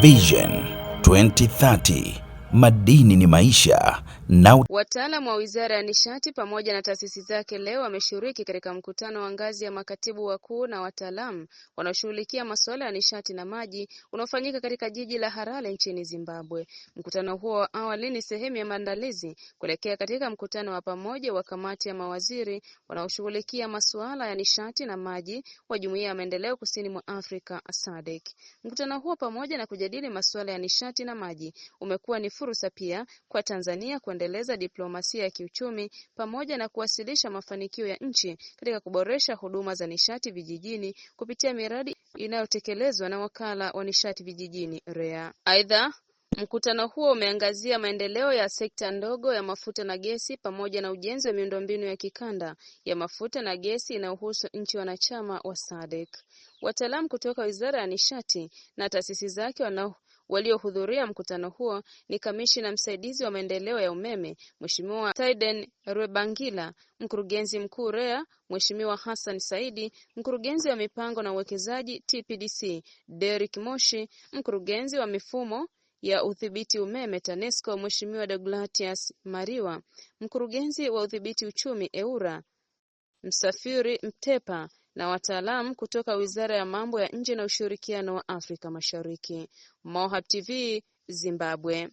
Vision 2030 madini ni maisha. Wataalamu wa Wizara ya Nishati pamoja na taasisi zake leo wameshiriki katika mkutano wa ngazi ya makatibu wakuu na wataalamu wanaoshughulikia masuala ya nishati na maji unaofanyika katika jiji la Harare nchini Zimbabwe. Mkutano huo wa awali ni sehemu ya maandalizi kuelekea katika mkutano wa pamoja wa kamati ya mawaziri wanaoshughulikia masuala ya nishati na maji wa Jumuiya ya Maendeleo Kusini mwa Afrika SADC. Mkutano huo pamoja na kujadili masuala ya nishati na maji umekuwa ni fursa pia kwa Tanzania kwa kuendeleza diplomasia ya kiuchumi pamoja na kuwasilisha mafanikio ya nchi katika kuboresha huduma za nishati vijijini kupitia miradi inayotekelezwa na Wakala wa Nishati Vijijini REA. Aidha, Mkutano huo umeangazia maendeleo ya sekta ndogo ya mafuta na gesi pamoja na ujenzi wa miundombinu ya kikanda ya mafuta na gesi inayohusu nchi wanachama wa SADC. Wataalamu kutoka Wizara ya Nishati na taasisi zake wanao Waliohudhuria mkutano huo ni kamishina Msaidizi wa Maendeleo ya Umeme Mheshimiwa tiden Rwebangila, Mkurugenzi Mkuu REA Mheshimiwa Hassan Saidi, Mkurugenzi wa Mipango na Uwekezaji TPDC derik Moshi, Mkurugenzi wa Mifumo ya Udhibiti Umeme TANESCO Mheshimiwa Deogratius Mariwa, Mkurugenzi wa Udhibiti Uchumi eura Msafiri Mtepa na wataalamu kutoka Wizara ya Mambo ya Nje na Ushirikiano wa Afrika Mashariki. Mohab TV Zimbabwe